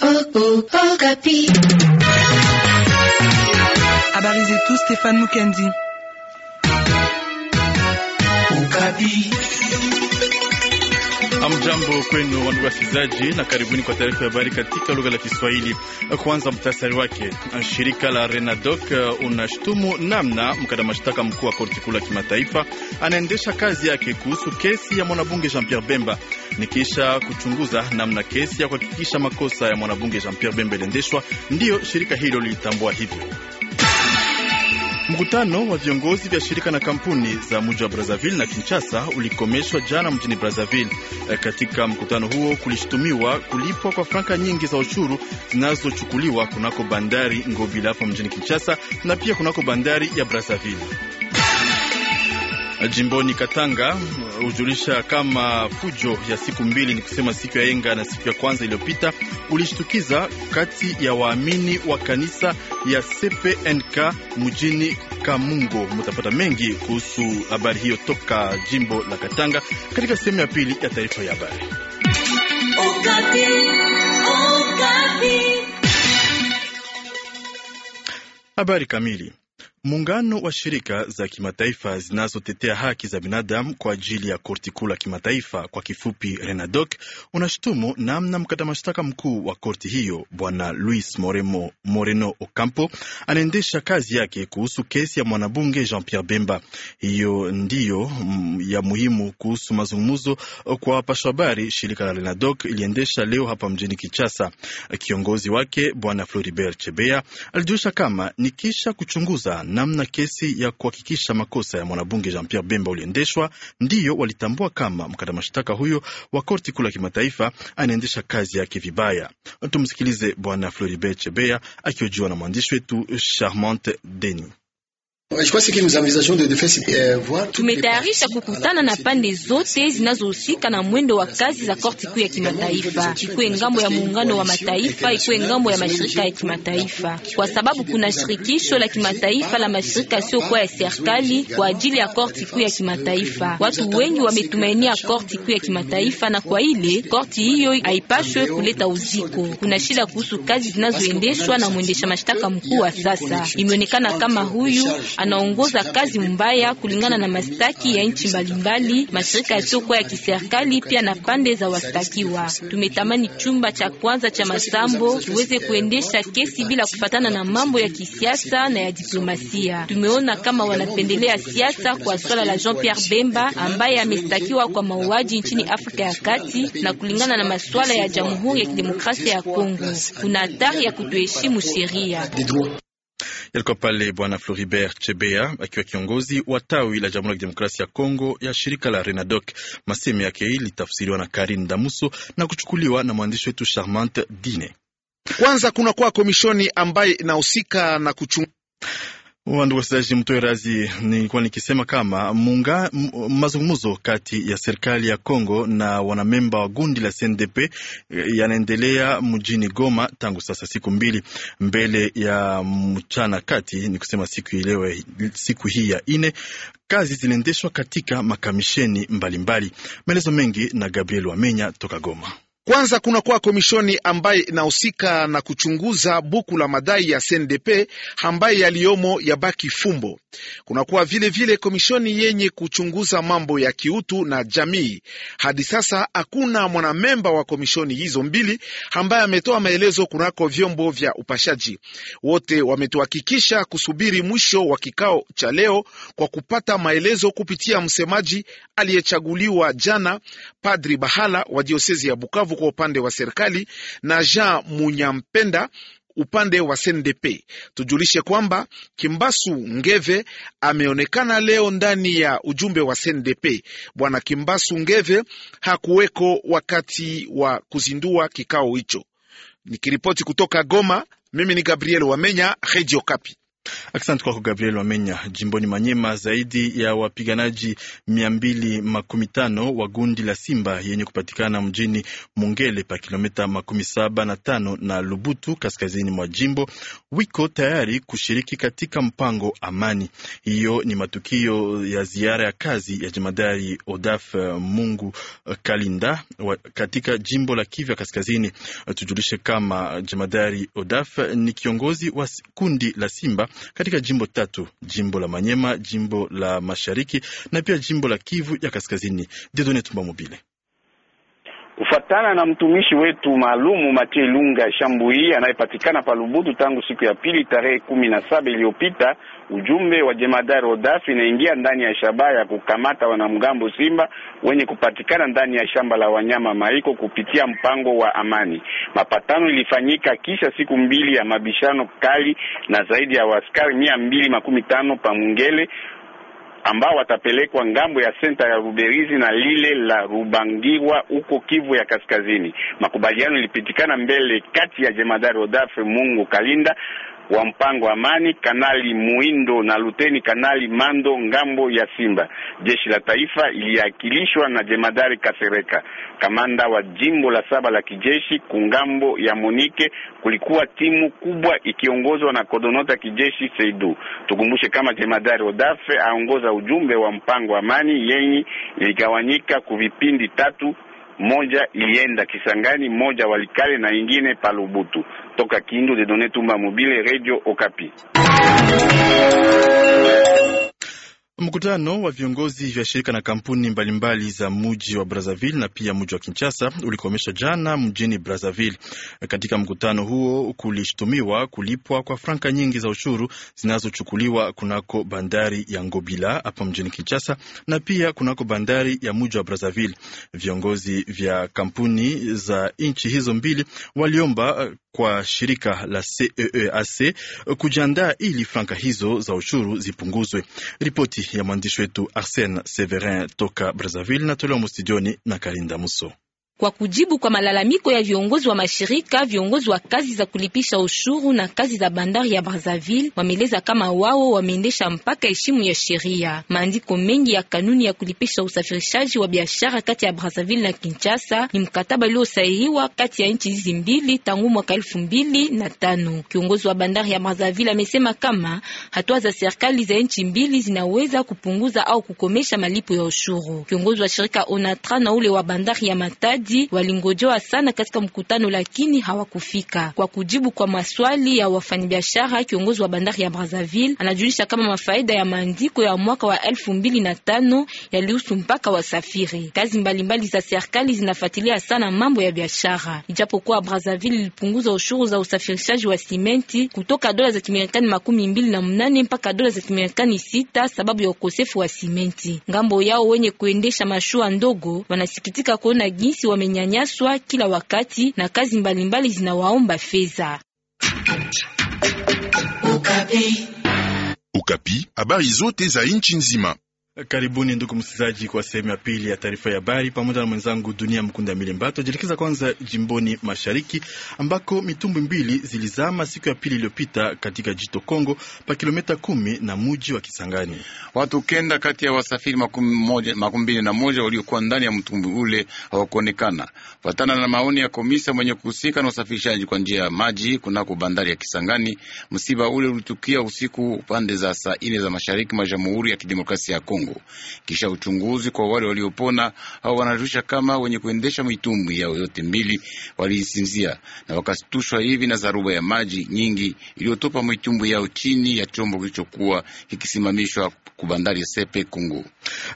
Oh, oh, oh, Capi. Abarisez tout Stéphane Mukendi. Oh, Capi. Hamjambo kwenu wandugu wasikilizaji, na karibuni kwa taarifa ya habari katika lugha la Kiswahili. Kwanza mtasari wake. Shirika la Renadoc uh, unashtumu namna mkada mashtaka mkuu wa korti kuu la kimataifa anaendesha kazi yake kuhusu kesi ya mwanabunge Jean Pierre Bemba, nikisha kuchunguza namna kesi ya kuhakikisha makosa ya mwanabunge Jean Pierre Bemba iliendeshwa, ndiyo shirika hilo lilitambua hivyo. Mkutano wa viongozi vya shirika na kampuni za mji wa Brazzaville na Kinshasa ulikomeshwa jana mjini Brazzaville. E, katika mkutano huo kulishutumiwa kulipwa kwa franka nyingi za ushuru zinazochukuliwa kunako bandari Ngobila hapo mjini Kinshasa na pia kunako bandari ya Brazzaville jimboni Katanga hujulisha kama fujo ya siku mbili, ni kusema siku ya yenga na siku ya kwanza iliyopita, ulishtukiza kati ya waamini wa kanisa ya CPNK mjini Kamungo. Mutapata mengi kuhusu habari hiyo toka jimbo la Katanga katika sehemu ya pili ya taarifa ya habari. Habari kamili Muungano wa shirika za kimataifa zinazotetea haki za binadamu kwa ajili ya korti kuu la kimataifa kwa kifupi RENADOC unashutumu namna mkata mashtaka mkuu wa korti hiyo bwana Luis Moremo, Moreno Ocampo anaendesha kazi yake kuhusu kesi ya mwanabunge Jean Pierre Bemba. Hiyo ndiyo mm, ya muhimu kuhusu mazungumzo kwa wapasha habari. Shirika la RENADOC iliendesha leo hapa mjini Kinshasa. Kiongozi wake bwana Floribert Chebea alijulisha kama ni kisha kuchunguza namna kesi ya kuhakikisha makosa ya mwanabunge Jean Pierre Bemba uliendeshwa, ndiyo walitambua kama mkata mashtaka huyo wa korti kuu la kimataifa anaendesha kazi yake vibaya. Tumsikilize Bwana Floribert Chebea akiojiwa na mwandishi wetu Charmante Deni. Euh, Tumetayarisha kukutana na pande zote zinazohusika na mwendo wa kazi za korti kuu ya kimataifa, ikuwe ngambo ya muungano wa mataifa, ikuwe ngambo ya mashirika ya kimataifa, kwa sababu kuna shirikisho la kimataifa la mashirika yasiyokuwa ya serikali kwa ajili ya korti kuu ya kimataifa. Watu wengi wametumainia korti kuu ya kimataifa, na kwa ile korti hiyo haipashwe kuleta uziko. Kuna shida kuhusu kazi zinazoendeshwa na mwendesha mashtaka mkuu wa sasa, imeonekana kama huyu anaongoza kazi mbaya kulingana na mastaki ya nchi mbalimbali, mashirika yasiyokuwa ya kiserikali pia na pande za wastakiwa. Tumetamani chumba cha kwanza cha masambo tuweze kuendesha kesi bila kufatana na mambo ya kisiasa na ya diplomasia. Tumeona kama wanapendelea siasa kwa swala la Jean Pierre Bemba ambaye amestakiwa kwa mauaji nchini Afrika ya Kati na kulingana na masuala ya Jamhuri ya Kidemokrasia ya Kongo. Kuna hatari ya kutoheshimu sheria. Yalikuwa pale Bwana Floribert Chebea akiwa kiongozi wa tawi la Jamhuri ya Kidemokrasia ya Kongo ya shirika la Renadoc. Masemi yake hii litafsiriwa na Karin Damuso na kuchukuliwa na mwandishi wetu Charmante Dine. Kwanza kuna kwa komishoni ambaye inahusika na kuchunguza Wandugu wasikilizaji, mtoe razi, nilikuwa nikisema kama munga mazungumzo kati ya serikali ya congo na wanamemba wa gundi la CNDP eh, yanaendelea mjini Goma tangu sasa siku mbili mbele ya mchana kati, ni kusema siku ilewe, siku hii ya ine kazi ziliendeshwa katika makamisheni mbalimbali. Maelezo mengi na Gabriel Wamenya toka Goma. Kwanza kunakuwa komishoni ambaye inahusika na kuchunguza buku la madai ya CNDP ambaye yaliyomo yabaki fumbo. Kunakuwa vilevile vile komishoni yenye kuchunguza mambo ya kiutu na jamii. Hadi sasa hakuna mwanamemba wa komishoni hizo mbili ambaye ametoa maelezo kunako vyombo vya upashaji. Wote wametuhakikisha kusubiri mwisho wa kikao cha leo kwa kupata maelezo kupitia msemaji aliyechaguliwa jana, Padri Bahala wa diosezi ya Bukavu kwa upande wa serikali na Jean Munyampenda upande wa SNDP. Tujulishe kwamba Kimbasu Ngeve ameonekana leo ndani ya ujumbe wa SNDP. Bwana Kimbasu Ngeve hakuweko wakati wa kuzindua kikao hicho. Nikiripoti kutoka Goma, mimi ni Gabriel Wamenya, Radio Kapi. Asante kwako Gabriel Wamenya. Jimboni Manyema, zaidi ya wapiganaji mia mbili makumi tano wa gundi la Simba yenye kupatikana mjini Mongele pa kilomita makumi saba na tano na Lubutu kaskazini mwa jimbo wiko tayari kushiriki katika mpango amani. Hiyo ni matukio ya ziara ya kazi ya jemadari Odaf eh, Mungu eh, Kalinda katika jimbo la kivya Kaskazini. Tujulishe kama jemadari Odaf eh, ni kiongozi wa kundi la Simba katika jimbo tatu, jimbo la Manyema, jimbo la Mashariki na pia jimbo la Kivu ya Kaskazini. Dedone Tumba Mobile kufuatana na mtumishi wetu maalumu Matie Lunga Shambui anayepatikana pa tangu siku ya pili tarehe kumi na saba iliyopita, ujumbe wa jemadari Odafi inaingia ndani ya shabaha ya kukamata wanamgambo simba wenye kupatikana ndani ya shamba la wanyama Maiko kupitia mpango wa amani. Mapatano ilifanyika kisha siku mbili ya mabishano kali na zaidi ya waskari mia mbili makumi tano pa Mungele ambao watapelekwa ngambo ya senta ya Ruberizi na lile la Rubangiwa huko Kivu ya Kaskazini. Makubaliano ilipitikana mbele kati ya jemadari Odafe Mungu Kalinda wa mpango amani, Kanali Muindo na Luteni Kanali Mando ngambo ya Simba. Jeshi la taifa iliakilishwa na Jemadari Kasereka, kamanda wa jimbo la saba la kijeshi kungambo ya Monike. Kulikuwa timu kubwa ikiongozwa na kodonota kijeshi Seidu. Tukumbushe kama Jemadari Odafe aongoza ujumbe wa mpango amani yenye iligawanyika kuvipindi tatu moja ilienda Kisangani, moja Walikale na ingine Palubutu. Toka Kindu, Dedone Tumba, Mobile Radio Okapi. Mkutano wa viongozi vya shirika na kampuni mbalimbali mbali za muji wa Brazzaville na pia muji wa Kinshasa ulikomesha jana mjini Brazzaville. Katika mkutano huo kulishtumiwa kulipwa kwa franka nyingi za ushuru zinazochukuliwa kunako bandari ya Ngobila hapa mjini Kinshasa na pia kunako bandari ya muji wa Brazzaville. Viongozi vya kampuni za nchi hizo mbili waliomba eh, kwa shirika la CEEAC e e kujiandaa ili franka hizo za ushuru zipunguzwe. Ripoti ya mwandishi wetu Arsen Severin toka Brazzaville, natolewa mustudioni na Karinda Muso kwa kujibu kwa malalamiko ya viongozi wa mashirika, viongozi wa kazi za kulipisha ushuru na kazi za bandari ya Brazzaville wameleza kama wao wameendesha mpaka heshimu ya sheria. Maandiko mengi ya kanuni ya kulipisha usafirishaji wa biashara kati ya Brazzaville na Kinshasa ni mkataba uliosahihiwa kati ya nchi hizi mbili tangu mwaka elfu mbili na tano. Kiongozi wa bandari ya Brazzaville amesema kama hatua za serikali za nchi mbili zinaweza kupunguza au kukomesha malipo ya ushuru. Kiongozi wa shirika Onatra na ule wa bandari ya Matadi zaidi walingojewa sana katika mkutano, lakini hawakufika. Kwa kujibu kwa maswali ya wafanyabiashara, kiongozi wa bandari ya Brazzaville anajulisha kama mafaida ya maandiko ya mwaka wa elfu mbili na tano yalihusu mpaka wa safiri. Kazi mbalimbali za serikali zinafuatilia sana mambo ya biashara, ijapokuwa Brazzaville ilipunguza ushuru za usafirishaji wa simenti kutoka dola za Kimarekani makumi mbili na mnane mpaka dola za Kimarekani sita sababu ya ukosefu wa simenti. Ngambo yao wenye kuendesha mashua ndogo wanasikitika kuona jinsi wa wamenyanyaswa kila wakati na kazi mbalimbali zinawaomba fedha. Ukapi, habari zote za nchi nzima Karibuni ndugu msikilizaji, kwa sehemu ya pili ya taarifa ya habari pamoja na mwenzangu Dunia Mkunda Mile Mbato. kwanza jimboni Mashariki ambako mitumbwi mbili zilizama siku ya pili iliyopita katika jito Kongo pa kilomita kumi na muji wa Kisangani. Watu kenda kati ya wasafiri makumi mbili na moja waliokuwa ndani ya mtumbwi ule hawakuonekana, fatana na maoni ya komisa mwenye kuhusika na usafirishaji kwa njia ya maji kunako bandari ya Kisangani. Msiba ule ulitukia usiku pande za saa ine za mashariki mwa Jamhuri ya Kidemokrasia ya Kongo. Kongo. Kisha uchunguzi kwa wale waliopona au wanarusha kama wenye kuendesha mitumbwi yao yote mbili waliisinzia na wakastushwa hivi na zaruba ya maji nyingi iliyotopa mitumbwi yao chini ya chombo kilichokuwa kikisimamishwa ku bandari ya Sepe Kongo.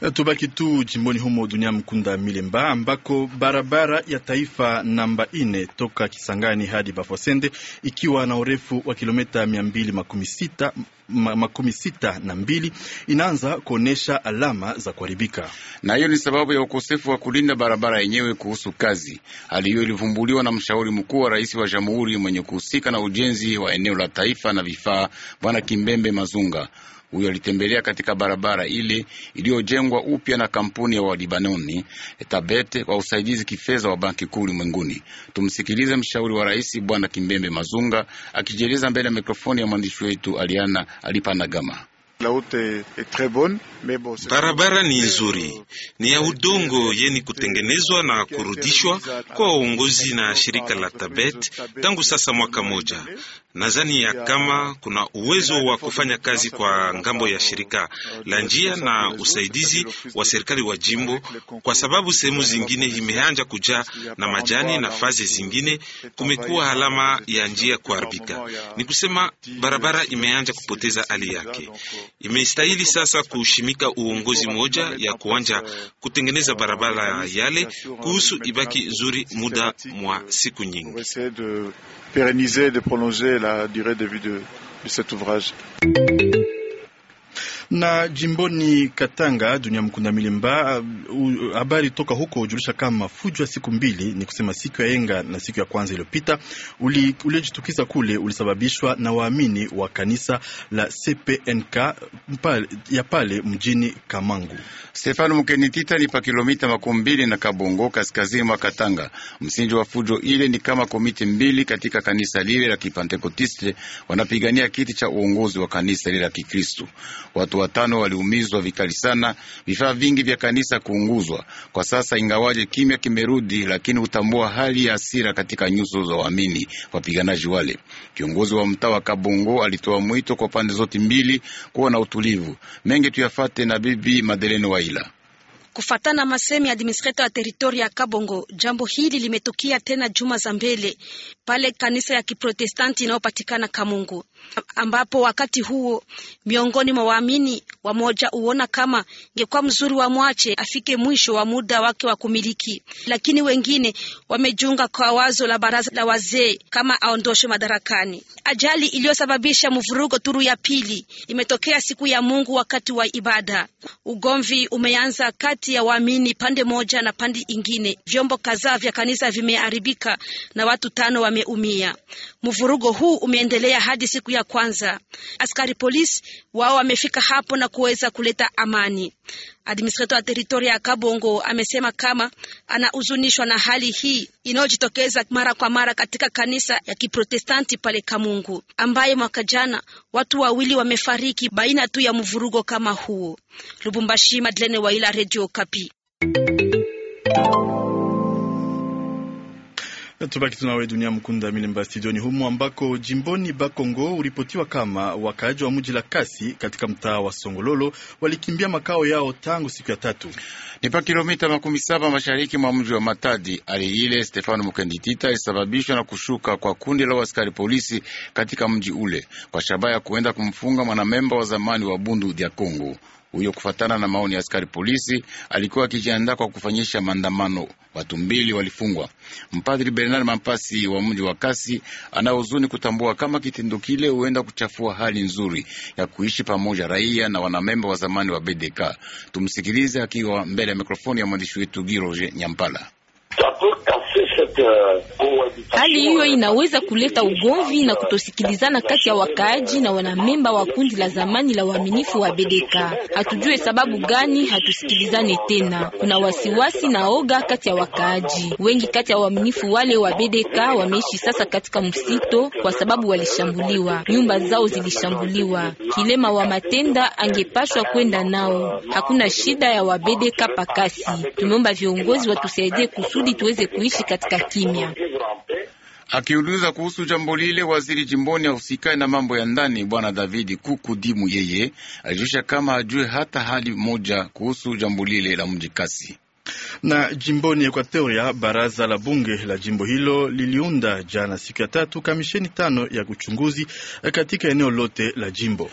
Eh, tubaki tu jimboni humo dunia mkunda Milemba ambako barabara ya taifa namba ine toka Kisangani hadi Bafosende ikiwa na urefu wa kilometa mia mbili makumi sita makumi sita na mbili inaanza kuonyesha alama za kuharibika, na hiyo ni sababu ya ukosefu wa kulinda barabara yenyewe kuhusu kazi. Hali hiyo ilivumbuliwa na mshauri mkuu wa rais wa jamhuri mwenye kuhusika na ujenzi wa eneo la taifa na vifaa, Bwana Kimbembe Mazunga huyo alitembelea katika barabara ile iliyojengwa upya na kampuni ya Walibanoni Tabete kwa usaidizi kifedha wa Banki Kuu ulimwenguni. Tumsikilize mshauri wa rais Bwana Kimbembe Mazunga akijieleza mbele ya mikrofoni ya mwandishi wetu Aliana Alipanagama. Barabara ni nzuri, euh, ni ya udongo yeni kutengenezwa na kurudishwa kwa uongozi na shirika la Tabet tangu sasa mwaka moja. Nadhani ya kama kuna uwezo wa kufanya kazi kwa ngambo ya shirika la njia na usaidizi wa serikali wa jimbo, kwa sababu sehemu zingine imeanja kujaa na majani na fazi zingine kumekuwa alama ya njia kuharibika. Ni kusema barabara imeanja kupoteza hali yake. Imestahili sasa kushimika uongozi moja ya kuanja kutengeneza barabara yale, kuhusu ibaki zuri muda mwa siku nyingi. Na jimboni Katanga, Dunia Mkunda milimba habari toka huko hujulisha kama fujo ya siku mbili, ni kusema siku ya enga na siku ya kwanza iliyopita, uliojitukiza uli kule ulisababishwa na waamini wa kanisa la CPNK mpale, ya pale mjini Kamangu. Stefano Mkenitita ni pa kilomita makumi mbili na Kabongo, kaskazini mwa Katanga. Msingi wa fujo ile ni kama komiti mbili katika kanisa lile la Kipantekotiste wanapigania kiti cha uongozi wa kanisa lile la Kikristo. Watu watano waliumizwa vikali sana, vifaa vingi vya kanisa kuunguzwa. Kwa sasa, ingawaje kimya kimerudi, lakini hutambua hali ya hasira katika nyuso za waamini wapiganaji wale. Kiongozi wa mtaa wa Kabongo alitoa mwito kwa pande zote mbili kuwa na utulivu. Mengi tuyafate na Bibi Madeleni Waila. Kufatana masemi ya administrator ya teritori ya Kabongo, jambo hili limetokea tena juma za mbele pale kanisa ya Kiprotestanti inayopatikana Kamungu, ambapo wakati huo miongoni mwa waamini wamoja huona kama ingekuwa mzuri wa mwache afike mwisho wa muda wake wa kumiliki, lakini wengine wamejiunga kwa wazo la baraza la wazee kama aondoshwe madarakani. Ajali iliyosababisha mvurugo turu ya pili imetokea siku ya Mungu wakati wa ibada. Ugomvi umeanza kati kati ya waamini pande moja na pande ingine. Vyombo kadhaa vya kanisa vimeharibika na watu tano wameumia. Mvurugo huu umeendelea hadi siku ya kwanza. Askari polisi wao wamefika hapo na kuweza kuleta amani. Administrator wa teritoria ya Kabongo amesema kama anahuzunishwa na hali hii inayojitokeza mara kwa mara katika kanisa ya Kiprotestanti pale Kamungu, ambaye mwaka jana watu wawili wamefariki baina tu ya mvurugo kama huo. Lubumbashi, Madlene Waila, Radio Kapi. Tubaki tunawe dunia mkunda milemba studioni humu ambako jimboni Bakongo uripotiwa kama wakaaji wa mji la kasi katika mtaa wa Songololo walikimbia makao yao tangu siku ya tatu. Ni pa kilomita makumi saba mashariki mwa mji wa Matadi. Hali ile Stefano Mukenditita isababishwa na kushuka kwa kundi la askari polisi katika mji ule kwa shabaha ya kuenda kumfunga mwanamemba wa zamani wa Bundu dia Kongo huyo, kufatana na maoni ya askari polisi, alikuwa akijiandaa kwa kufanyisha maandamano. Watu mbili walifungwa. Mpadri Bernard Mampasi wa mji wa Kasi anaohuzuni kutambua kama kitendo kile huenda kuchafua hali nzuri ya kuishi pamoja raia na wanamemba wa zamani wa BDK. Tumsikilize akiwa mbele ya mikrofoni ya mwandishi wetu Giroje Nyampala. Hali hiyo inaweza kuleta ugomvi na kutosikilizana kati ya wakaaji na wanamemba wa kundi la zamani la waminifu wa Bedeka. Hatujue sababu gani hatusikilizane tena. Kuna wasiwasi na oga kati ya wakaaji wengi. Kati ya waaminifu wale wa Bedeka wameishi sasa katika msito, kwa sababu walishambuliwa, nyumba zao zilishambuliwa. Kilema wa Matenda angepashwa kwenda nao. Hakuna shida ya wabedeka pakasi. Tumeomba viongozi watusaidie kusudi tuweze kuishi katika kimya. Akiuliza kuhusu jambo lile, waziri jimboni ahusikaye na mambo ya ndani bwana Davidi Kukudimu yeye alijulisha kama ajue hata hali moja kuhusu jambo lile la mji Kasi na jimboni Ekuatoria, baraza la bunge la jimbo hilo liliunda jana siku ya tatu kamisheni tano ya uchunguzi katika eneo lote la jimbo.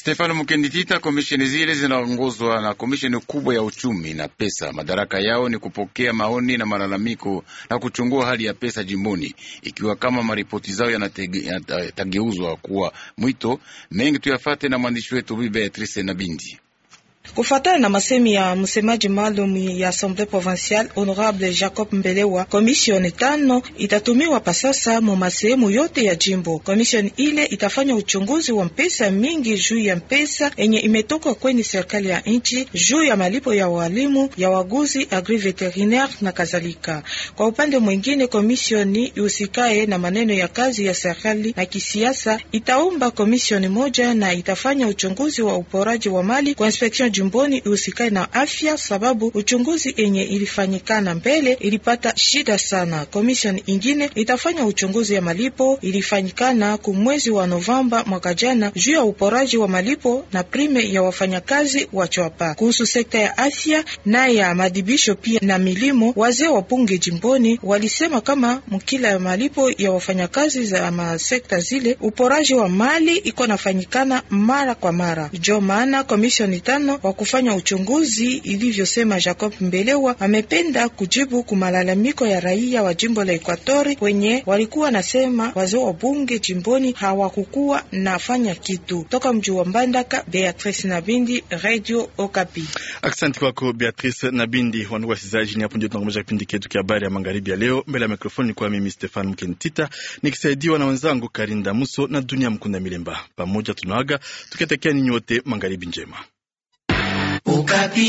Stefano Mkenditita, komisheni zile zinaongozwa na komisheni kubwa ya uchumi na pesa. Madaraka yao ni kupokea maoni na malalamiko na kuchungua hali ya pesa jimboni, ikiwa kama maripoti zao yanatageuzwa kuwa mwito mengi tuyafate. Na mwandishi wetu Bi Beatrice na Bindi Kufatana na masemi ya msemaji maalum ya assemblee Provinciale Honorable Jacob Mbelewa, komishoni tano itatumiwa pa sasa mu masehemu yote ya jimbo. komisioni ile itafanya uchunguzi wa mpesa mingi juu ya mpesa enye imetoka kweni serikali ya nchi juu ya malipo ya walimu ya waguzi agri veterinaire na kadhalika. Kwa upande mwingine, komisioni usikae na maneno ya kazi ya serikali na kisiasa itaumba komisioni moja na itafanya uchunguzi wa uporaji wa mali kwa inspection jimboni iusikai na afya, sababu uchunguzi enye ilifanyikana mbele ilipata shida sana. Commission ingine itafanya uchunguzi ya malipo ilifanyikana kumwezi wa Novemba mwaka jana juu ya uporaji wa malipo na prime ya wafanyakazi wa chwapa. Kuhusu sekta ya afya na ya madibisho pia na milimo, wazee wa bunge jimboni walisema kama mkila ya malipo ya wafanyakazi za masekta zile uporaji wa mali iko nafanyikana mara kwa mara, jo maana komishoni tano wa kufanya uchunguzi, ilivyosema Jacob Mbelewa, amependa kujibu kumalalamiko ya raia wa jimbo la Ekwatori wenye walikuwa nasema wazee wa bunge jimboni hawakukuwa nafanya kitu. Toka mji wa Mbandaka, Beatrice Nabindi, Radio Okapi. Asante kwako Beatrice Nabindi. Wandugu wasikilizaji, ni hapo ndio tunakomesha kipindi chetu cha habari ya magharibi ya leo. Mbele ya mikrofoni kwa mimi Stefan Mkentita nikisaidiwa na wenzangu Karinda Muso na Dunia Mkunda Milemba. Pamoja tunaaga tukiatekea ninyi wote magharibi njema. Okapi.